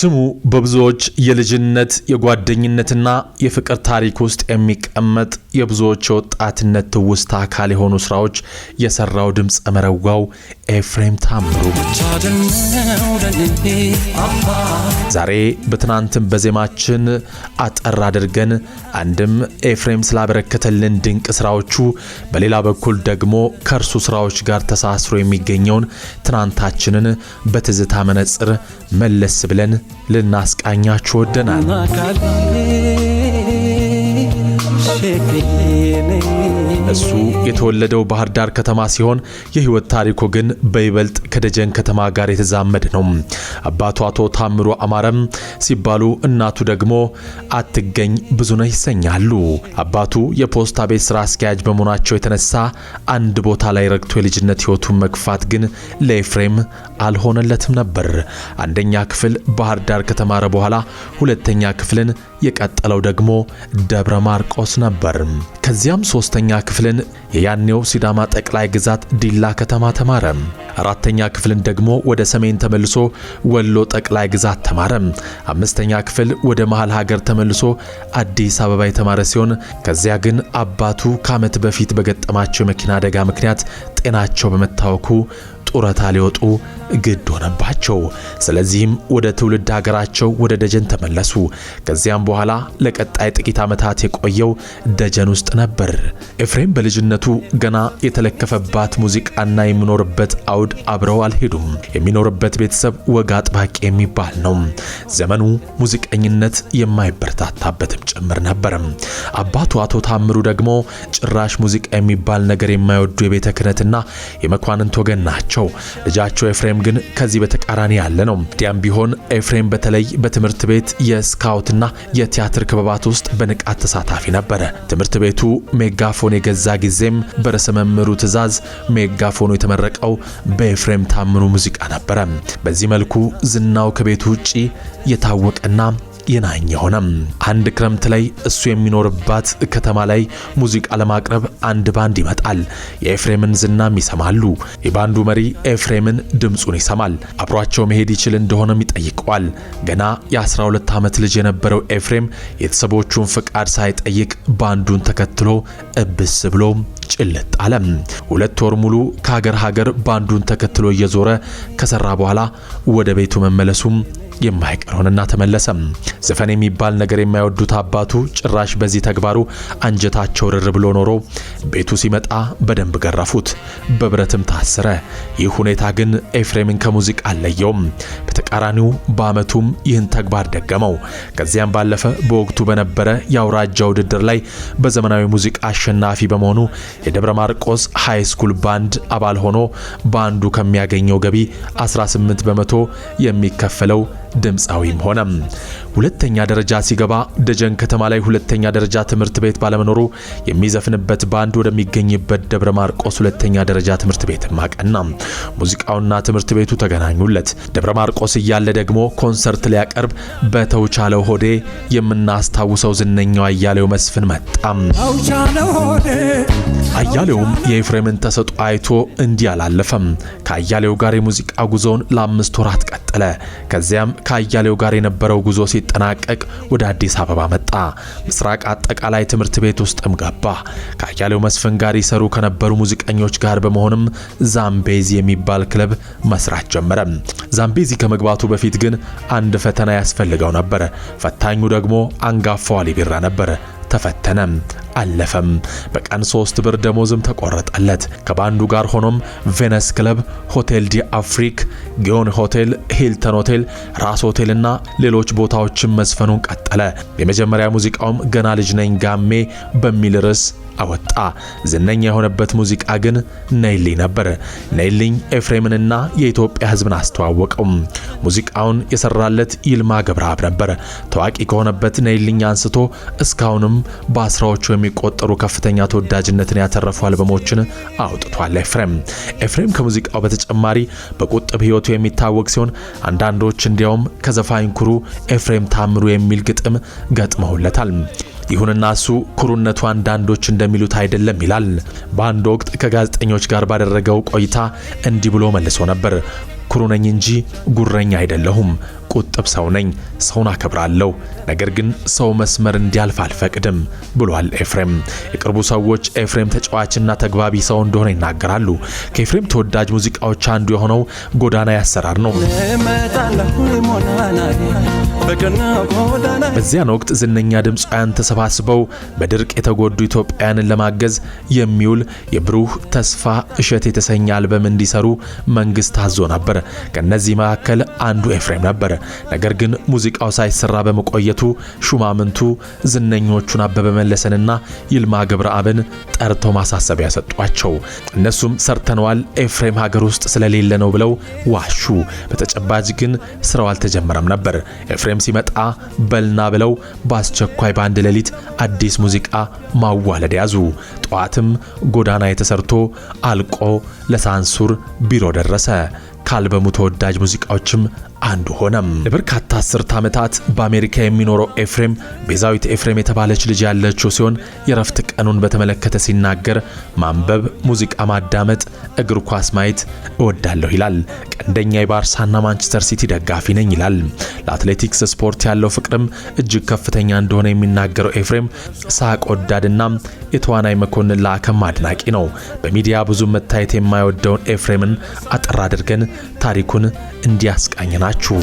ስሙ በብዙዎች የልጅነት የጓደኝነትና የፍቅር ታሪክ ውስጥ የሚቀመጥ የብዙዎች የወጣትነት ትውስታ አካል የሆኑ ስራዎች የሰራው ድምፅ መረዋው ኤፍሬም ታምሩ ዛሬ በትናንትም በዜማችን አጠር አድርገን አንድም ኤፍሬም ስላበረከተልን ድንቅ ስራዎቹ፣ በሌላ በኩል ደግሞ ከእርሱ ስራዎች ጋር ተሳስሮ የሚገኘውን ትናንታችንን በትዝታ መነጽር መለስ ብለን ልናስቃኛችሁ ወደናል። እሱ የተወለደው ባህር ዳር ከተማ ሲሆን የህይወት ታሪኩ ግን በይበልጥ ከደጀን ከተማ ጋር የተዛመደ ነው። አባቱ አቶ ታምሮ አማረም ሲባሉ እናቱ ደግሞ አትገኝ ብዙ ነው ይሰኛሉ። አባቱ የፖስታ ቤት ስራ አስኪያጅ በመሆናቸው የተነሳ አንድ ቦታ ላይ ረግቶ የልጅነት ህይወቱን መግፋት ግን ለኤፍሬም አልሆነለትም ነበር። አንደኛ ክፍል ባህር ዳር ከተማረ በኋላ ሁለተኛ ክፍልን የቀጠለው ደግሞ ደብረ ማርቆስ ነበር። ከዚያም ሶስተኛ ክፍልን የያኔው ሲዳማ ጠቅላይ ግዛት ዲላ ከተማ ተማረ። አራተኛ ክፍልን ደግሞ ወደ ሰሜን ተመልሶ ወሎ ጠቅላይ ግዛት ተማረ። አምስተኛ ክፍል ወደ መሃል ሀገር ተመልሶ አዲስ አበባ የተማረ ሲሆን ከዚያ ግን አባቱ ከዓመት በፊት በገጠማቸው የመኪና አደጋ ምክንያት ጤናቸው በመታወኩ ጡረታ ሊወጡ ግድ ሆነባቸው። ስለዚህም ወደ ትውልድ ሀገራቸው ወደ ደጀን ተመለሱ። ከዚያም በኋላ ለቀጣይ ጥቂት ዓመታት የቆየው ደጀን ውስጥ ነበር። ኤፍሬም በልጅነቱ ገና የተለከፈባት ሙዚቃና የሚኖርበት አውድ አብረው አልሄዱም። የሚኖርበት ቤተሰብ ወግ አጥባቂ የሚባል ነው። ዘመኑ ሙዚቀኝነት የማይበረታታበትም ጭምር ነበር። አባቱ አቶ ታምሩ ደግሞ ጭራሽ ሙዚቃ የሚባል ነገር የማይወዱ የቤተ ክህነትና የመኳንንት ወገን ናቸው። ናቸው። ልጃቸው ኤፍሬም ግን ከዚህ በተቃራኒ ያለ ነው። ዲያም ቢሆን ኤፍሬም በተለይ በትምህርት ቤት የስካውትና የቲያትር ክበባት ውስጥ በንቃት ተሳታፊ ነበረ። ትምህርት ቤቱ ሜጋፎን የገዛ ጊዜም በርዕሰ መምህሩ ትዕዛዝ ሜጋፎኑ የተመረቀው በኤፍሬም ታምኑ ሙዚቃ ነበረ። በዚህ መልኩ ዝናው ከቤቱ ውጪ የታወቀና የናኝ ሆነም። አንድ ክረምት ላይ እሱ የሚኖርባት ከተማ ላይ ሙዚቃ ለማቅረብ አንድ ባንድ ይመጣል። የኤፍሬምን ዝናም ይሰማሉ። የባንዱ መሪ ኤፍሬምን ድምፁን ይሰማል። አብሯቸው መሄድ ይችል እንደሆነም ይጠይቀዋል። ገና የ12 ዓመት ልጅ የነበረው ኤፍሬም ቤተሰቦቹን ፍቃድ ሳይጠይቅ ባንዱን ተከትሎ እብስ ብሎ ጭልጥ አለም። ሁለት ወር ሙሉ ከሀገር ሀገር ባንዱን ተከትሎ እየዞረ ከሰራ በኋላ ወደ ቤቱ መመለሱም የማይቀርሆንና ተመለሰም። ዘፈን የሚባል ነገር የማይወዱት አባቱ ጭራሽ በዚህ ተግባሩ አንጀታቸው ርር ብሎ ኖሮ ቤቱ ሲመጣ በደንብ ገረፉት፣ በብረትም ታሰረ። ይህ ሁኔታ ግን ኤፍሬምን ከሙዚቃ አለየውም። በተቃራኒው በዓመቱም ይህን ተግባር ደገመው። ከዚያም ባለፈ በወቅቱ በነበረ የአውራጃ ውድድር ላይ በዘመናዊ ሙዚቃ አሸናፊ በመሆኑ የደብረ ማርቆስ ሃይ ስኩል ባንድ አባል ሆኖ ባንዱ ከሚያገኘው ገቢ 18 በመቶ የሚከፈለው ድምፃዊም ሆነ። ሁለተኛ ደረጃ ሲገባ ደጀን ከተማ ላይ ሁለተኛ ደረጃ ትምህርት ቤት ባለመኖሩ የሚዘፍንበት ባንድ ወደሚገኝበት ደብረ ማርቆስ ሁለተኛ ደረጃ ትምህርት ቤት ማቀና ሙዚቃውና ትምህርት ቤቱ ተገናኙለት። ደብረ ማርቆስ እያለ ደግሞ ኮንሰርት ሊያቀርብ በተውቻለው ሆዴ የምናስታውሰው ዝነኛው አያሌው መስፍን መጣም። አያሌውም የኤፍሬምን ተሰጦ አይቶ እንዲህ አላለፈም። ከአያሌው ጋር የሙዚቃ ጉዞውን ለአምስት ወራት ቀጠለ። ከዚያም ከአያሌው ጋር የነበረው ጉዞ ሲጠናቀቅ ወደ አዲስ አበባ መጣ። ምስራቅ አጠቃላይ ትምህርት ቤት ውስጥም ገባ። ከአያሌው መስፍን ጋር ይሰሩ ከነበሩ ሙዚቀኞች ጋር በመሆንም ዛምቤዚ የሚባል ክለብ መስራት ጀመረ። ዛምቤዚ ከመግባቱ በፊት ግን አንድ ፈተና ያስፈልገው ነበር። ፈታኙ ደግሞ አንጋፋው አሊ ቢራ ነበር። ተፈተነ። አለፈም። በቀን ሶስት ብር ደሞዝም ተቆረጠለት። ከባንዱ ጋር ሆኖም ቬነስ ክለብ፣ ሆቴል ዲ አፍሪክ፣ ጊዮን ሆቴል፣ ሂልተን ሆቴል፣ ራስ ሆቴልና ሌሎች ቦታዎችን መዝፈኑን ቀጠለ። የመጀመሪያ ሙዚቃውም ገና ልጅ ነኝ ጋሜ በሚል ርዕስ አወጣ። ዝነኛ የሆነበት ሙዚቃ ግን ነይልኝ ነበር። ነይልኝ ኤፍሬምንና የኢትዮጵያ ሕዝብን አስተዋወቀው። ሙዚቃውን የሰራለት ይልማ ገብረአብ ነበር። ታዋቂ ከሆነበት ነይልኝ አንስቶ እስካሁንም በአስራዎቹ የሚ የሚቆጠሩ ከፍተኛ ተወዳጅነትን ያተረፉ አልበሞችን አውጥቷል። ኤፍሬም ኤፍሬም ከሙዚቃው በተጨማሪ በቁጥብ ህይወቱ የሚታወቅ ሲሆን አንዳንዶች እንዲያውም ከዘፋኝ ኩሩ ኤፍሬም ታምሩ የሚል ግጥም ገጥመውለታል። ይሁንና እሱ ኩሩነቱ አንዳንዶች እንደሚሉት አይደለም ይላል። በአንድ ወቅት ከጋዜጠኞች ጋር ባደረገው ቆይታ እንዲህ ብሎ መልሶ ነበር። ኩሩ ነኝ እንጂ ጉረኛ አይደለሁም። ቁጥብ ሰው ነኝ፣ ሰውን አከብራለሁ፣ ነገር ግን ሰው መስመር እንዲያልፍ አልፈቅድም ብሏል ኤፍሬም። የቅርቡ ሰዎች ኤፍሬም ተጫዋችና ተግባቢ ሰው እንደሆነ ይናገራሉ። ከኤፍሬም ተወዳጅ ሙዚቃዎች አንዱ የሆነው ጎዳና ያሰራር ነው። በዚያን ወቅት ዝነኛ ድምፃውያን ተሰባስበው በድርቅ የተጎዱ ኢትዮጵያውያንን ለማገዝ የሚውል የብሩህ ተስፋ እሸት የተሰኘ አልበም እንዲሰሩ መንግስት አዞ ነበር። ከነዚህ መካከል አንዱ ኤፍሬም ነበር። ነገር ግን ሙዚቃው ሳይሰራ በመቆየቱ ሹማምንቱ ዝነኞቹን አበበ መለሰንና ይልማ ገብረአብን ጠርተው ማሳሰቢያ ሰጧቸው። እነሱም ሰርተነዋል፣ ኤፍሬም ሀገር ውስጥ ስለሌለ ነው ብለው ዋሹ። በተጨባጭ ግን ስራው አልተጀመረም ነበር። ኤፍሬም ዓለም ሲመጣ በልና ብለው በአስቸኳይ በአንድ ሌሊት አዲስ ሙዚቃ ማዋለድ ያዙ። ጠዋትም ጎዳና የተሰርቶ አልቆ ለሳንሱር ቢሮ ደረሰ። ከአልበሙ ተወዳጅ ሙዚቃዎችም አንዱ ሆነም። ለበርካታ አስርት ዓመታት በአሜሪካ የሚኖረው ኤፍሬም ቤዛዊት ኤፍሬም የተባለች ልጅ ያለችው ሲሆን የረፍት ቀኑን በተመለከተ ሲናገር ማንበብ፣ ሙዚቃ ማዳመጥ፣ እግር ኳስ ማየት እወዳለሁ ይላል። ቀንደኛ የባርሳና ማንቸስተር ሲቲ ደጋፊ ነኝ ይላል። ለአትሌቲክስ ስፖርት ያለው ፍቅርም እጅግ ከፍተኛ እንደሆነ የሚናገረው ኤፍሬም ሳቅ ወዳድና የተዋናይ መኮንን ለአከም አድናቂ ነው። በሚዲያ ብዙ መታየት የማይወደውን ኤፍሬምን አጠር አድርገን ታሪኩን እንዲያስቃኝ ናችሁ።